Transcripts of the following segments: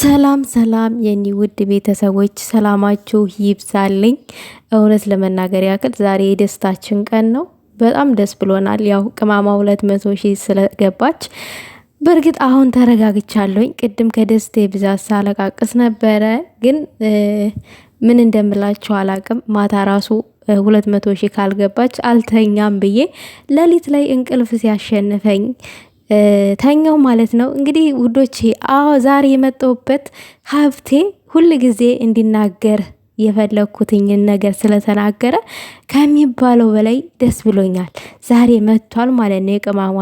ሰላም ሰላም የኒ ውድ ቤተሰቦች ሰላማችሁ ይብዛልኝ። እውነት ለመናገር ያክል ዛሬ የደስታችን ቀን ነው። በጣም ደስ ብሎናል። ያው ቅማማ ሁለት መቶ ሺህ ስለገባች በእርግጥ አሁን ተረጋግቻለሁኝ። ቅድም ከደስቴ ብዛት ሳለቃቅስ ነበረ፣ ግን ምን እንደምላችሁ አላቅም። ማታ ራሱ ሁለት መቶ ሺህ ካልገባች አልተኛም ብዬ ሌሊት ላይ እንቅልፍ ሲያሸንፈኝ ተኛው ማለት ነው። እንግዲህ ውዶቼ፣ አዎ ዛሬ የመጣሁበት ሀብቴ ሁል ጊዜ እንዲናገር የፈለግኩትኝን ነገር ስለተናገረ ከሚባለው በላይ ደስ ብሎኛል። ዛሬ መጥቷል ማለት ነው። የቅማማ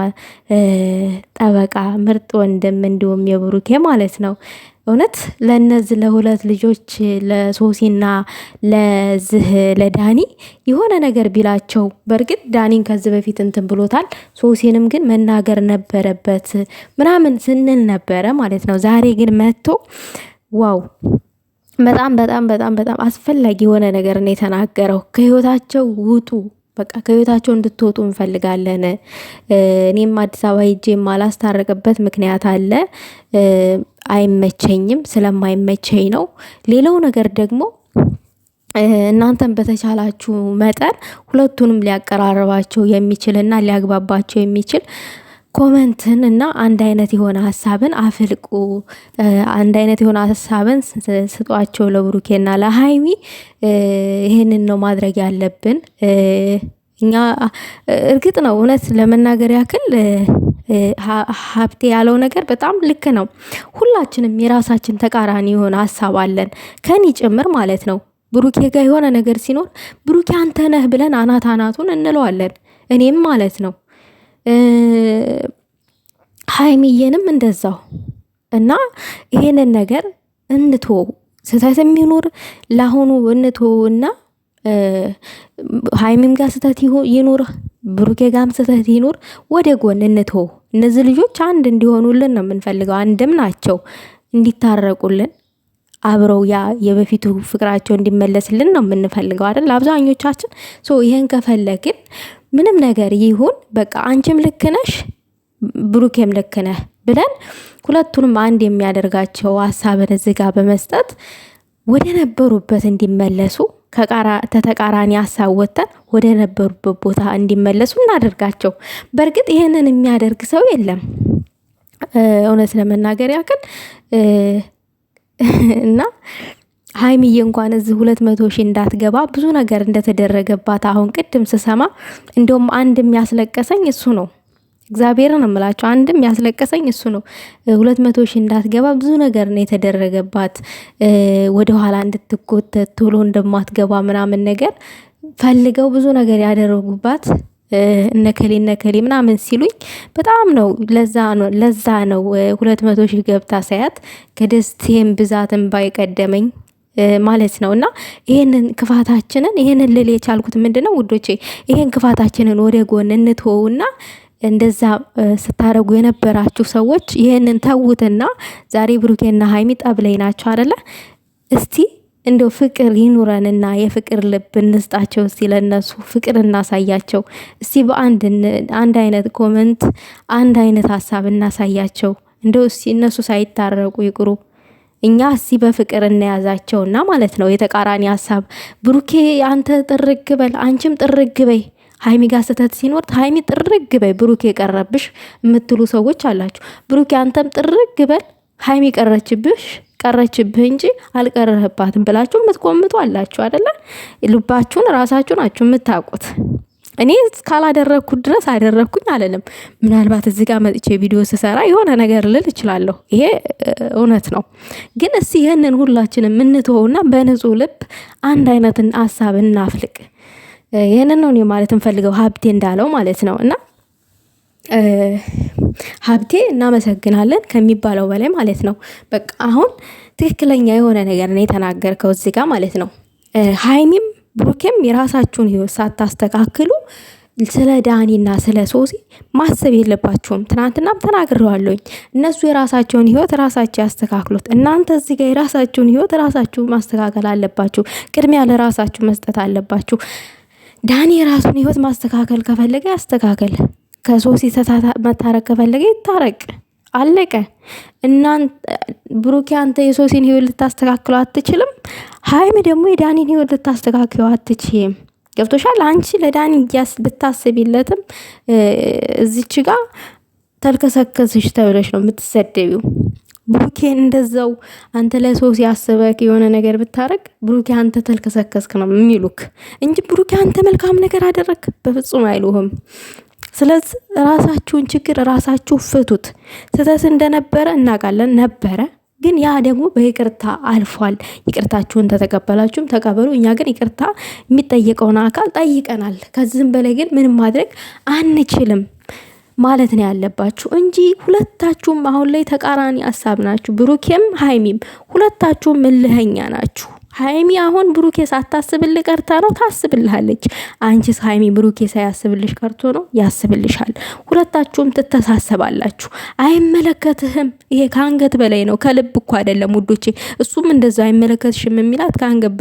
ጠበቃ ምርጥ ወንድም እንዲሁም የብሩኬ ማለት ነው። እውነት ለእነዚህ ለሁለት ልጆች ለሶሲና ለዝህ ለዳኒ የሆነ ነገር ቢላቸው። በእርግጥ ዳኒን ከዚህ በፊት እንትን ብሎታል። ሶሲንም ግን መናገር ነበረበት ምናምን ስንል ነበረ ማለት ነው። ዛሬ ግን መጥቶ ዋው በጣም በጣም በጣም በጣም አስፈላጊ የሆነ ነገር ነው የተናገረው። ከህይወታቸው ውጡ በቃ ከህይወታቸው እንድትወጡ እንፈልጋለን። እኔም አዲስ አበባ ሄጄ የማላስታረቅበት ምክንያት አለ አይመቸኝም። ስለማይመቸኝ ነው። ሌላው ነገር ደግሞ እናንተን በተቻላችሁ መጠን ሁለቱንም ሊያቀራርባቸው የሚችልና ሊያግባባቸው የሚችል ኮመንትን እና አንድ አይነት የሆነ ሀሳብን አፍልቁ። አንድ አይነት የሆነ ሀሳብን ስጧቸው ለብሩኬና ለሀይሚ። ይህንን ነው ማድረግ ያለብን እኛ። እርግጥ ነው እውነት ለመናገር ያክል ሀብቴ ያለው ነገር በጣም ልክ ነው። ሁላችንም የራሳችን ተቃራኒ የሆነ ሀሳብ አለን ከኔ ጭምር ማለት ነው። ብሩኬ ጋር የሆነ ነገር ሲኖር ብሩኬ አንተ ነህ ብለን አናት አናቱን እንለዋለን። እኔም ማለት ነው ሀይሚዬንም እንደዛው እና ይሄንን ነገር እንቶ ስህተት የሚኖር ለአሁኑ እንቶ እና ሀይሚም ጋር ስህተት ይኖር ብሩኬ ጋም ስህተት ይኑር፣ ወደ ጎን እንትሆ። እነዚህ ልጆች አንድ እንዲሆኑልን ነው የምንፈልገው። አንድም ናቸው እንዲታረቁልን አብረው ያ የበፊቱ ፍቅራቸው እንዲመለስልን ነው የምንፈልገው አይደል? አብዛኞቻችን ይህን ከፈለግን ምንም ነገር ይሁን በቃ አንቺም ልክ ነሽ ብሩኬም ልክ ነህ ብለን ሁለቱንም አንድ የሚያደርጋቸው ሀሳብን እዚህ በመስጠት ወደ ነበሩበት እንዲመለሱ ተተቃራኒ ሀሳብ ወጥተን ወደ ነበሩበት ቦታ እንዲመለሱ እናደርጋቸው። በእርግጥ ይህንን የሚያደርግ ሰው የለም እውነት ለመናገር ያክል እና ሀይሚዬ እንኳን እዚህ ሁለት መቶ ሺህ እንዳትገባ ብዙ ነገር እንደተደረገባት አሁን ቅድም ስሰማ እንደውም አንድ የሚያስለቀሰኝ እሱ ነው። እግዚአብሔርን እምላቸው አንድም ያስለቀሰኝ እሱ ነው። ሁለት መቶ ሺህ እንዳትገባ ብዙ ነገር ነው የተደረገባት፣ ወደኋላ እንድትጎተት ቶሎ እንደማትገባ ምናምን ነገር ፈልገው ብዙ ነገር ያደረጉባት እነከሌ እነከሌ ምናምን ሲሉኝ በጣም ነው ለዛ ነው ለዛ ነው ሁለት መቶ ሺህ ገብታ ሳያት ከደስቴም ብዛትን ባይቀደመኝ ማለት ነው። እና ይህንን ክፋታችንን ይህንን ልል የቻልኩት ምንድን ነው ውዶቼ፣ ይህን ክፋታችንን ወደ ጎን እንትወውና እንደዛ ስታደረጉ የነበራችሁ ሰዎች ይህንን ተዉትና ዛሬ ብሩኬና ሀይሚ ጠብ ላይ ናቸው አደለ? እስቲ እንደው ፍቅር ይኑረንና የፍቅር ልብ እንስጣቸው። እስቲ ለነሱ ፍቅር እናሳያቸው። እስቲ በአንድ አንድ አይነት ኮመንት፣ አንድ አይነት ሀሳብ እናሳያቸው። እንደው እስቲ እነሱ ሳይታረቁ ይቅሩ። እኛ እስቲ በፍቅር እናያዛቸውና ማለት ነው። የተቃራኒ ሀሳብ ብሩኬ አንተ ጥርግ በል አንቺም ጥርግ በይ ሀይሚ ጋር ስህተት ሲኖር ሀይሚ ጥርግ በይ ብሩኬ የቀረብሽ የምትሉ ሰዎች አላችሁ። ብሩኬ አንተም ጥርግ በል ሀይሚ ቀረችብሽ ቀረችብህ እንጂ አልቀረህባትም ብላችሁ የምትቆምጡ አላችሁ አደለ? ልባችሁን ራሳችሁ ናችሁ የምታውቁት። እኔ ካላደረግኩት ድረስ አደረግኩኝ አለንም። ምናልባት እዚህ ጋር መጥቼ ቪዲዮ ስሰራ የሆነ ነገር ልል እችላለሁ። ይሄ እውነት ነው። ግን እስቲ ይህንን ሁላችንም እንትሆውና በንጹህ ልብ አንድ አይነትን ሀሳብ እናፍልቅ። ይህንን ነው እኔ ማለት እንፈልገው ሀብቴ እንዳለው ማለት ነው እና ሀብቴ እናመሰግናለን ከሚባለው በላይ ማለት ነው። በቃ አሁን ትክክለኛ የሆነ ነገር ነው የተናገርከው እዚህ ጋር ማለት ነው። ሀይሚም ብሩኬም የራሳችሁን ህይወት ሳታስተካክሉ ስለ ዳኒና ስለ ሶሲ ማሰብ የለባችሁም። ትናንትናም ተናግረዋለኝ። እነሱ የራሳቸውን ህይወት ራሳቸው ያስተካክሉት። እናንተ እዚህ ጋር የራሳችሁን ህይወት ራሳችሁ ማስተካከል አለባችሁ። ቅድሚያ ለራሳችሁ መስጠት አለባችሁ። ዳኒ የራሱን ህይወት ማስተካከል ከፈለገ ያስተካከል። ከሶሲ መታረቅ ከፈለገ ይታረቅ። አለቀ። እናንተ ብሩኪ፣ አንተ የሶሲን ህይወት ልታስተካክለው አትችልም። ሀይሚ ደግሞ የዳኒን ህይወት ልታስተካክለው አትችም። ገብቶሻል። አንቺ ለዳኒ ብታስቢለትም እዚች ጋር ተልከሰከስሽ ተብለሽ ነው የምትሰደቢው። ብሩኬ እንደዛው አንተ ለሶሲ ያስበክ የሆነ ነገር ብታረግ ብሩኬ አንተ ተልከሰከስክ ነው የሚሉክ እንጂ ብሩኬ አንተ መልካም ነገር አደረክ በፍጹም አይሉህም። ስለዚህ ራሳችሁን ችግር ራሳችሁ ፍቱት። ስህተት እንደነበረ እናውቃለን ነበረ፣ ግን ያ ደግሞ በይቅርታ አልፏል። ይቅርታችሁን ተተቀበላችሁም ተቀበሉ። እኛ ግን ይቅርታ የሚጠየቀውን አካል ጠይቀናል። ከዚህም በላይ ግን ምንም ማድረግ አንችልም። ማለት ነው ያለባችሁ እንጂ ሁለታችሁም አሁን ላይ ተቃራኒ ሀሳብ ናችሁ። ብሩኬም ሀይሚም ሁለታችሁም እልህኛ ናችሁ። ሀይሚ አሁን ብሩኬ ሳታስብል ቀርታ ነው፣ ታስብልሃለች። አንቺስ ሀይሚ ብሩኬ ሳያስብልሽ ቀርቶ ነው? ያስብልሻል። ሁለታችሁም ትተሳሰባላችሁ። አይመለከትህም፣ ይሄ ከአንገት በላይ ነው፣ ከልብ እኮ አይደለም ውዶቼ። እሱም እንደዛ አይመለከትሽም የሚላት ከአንገት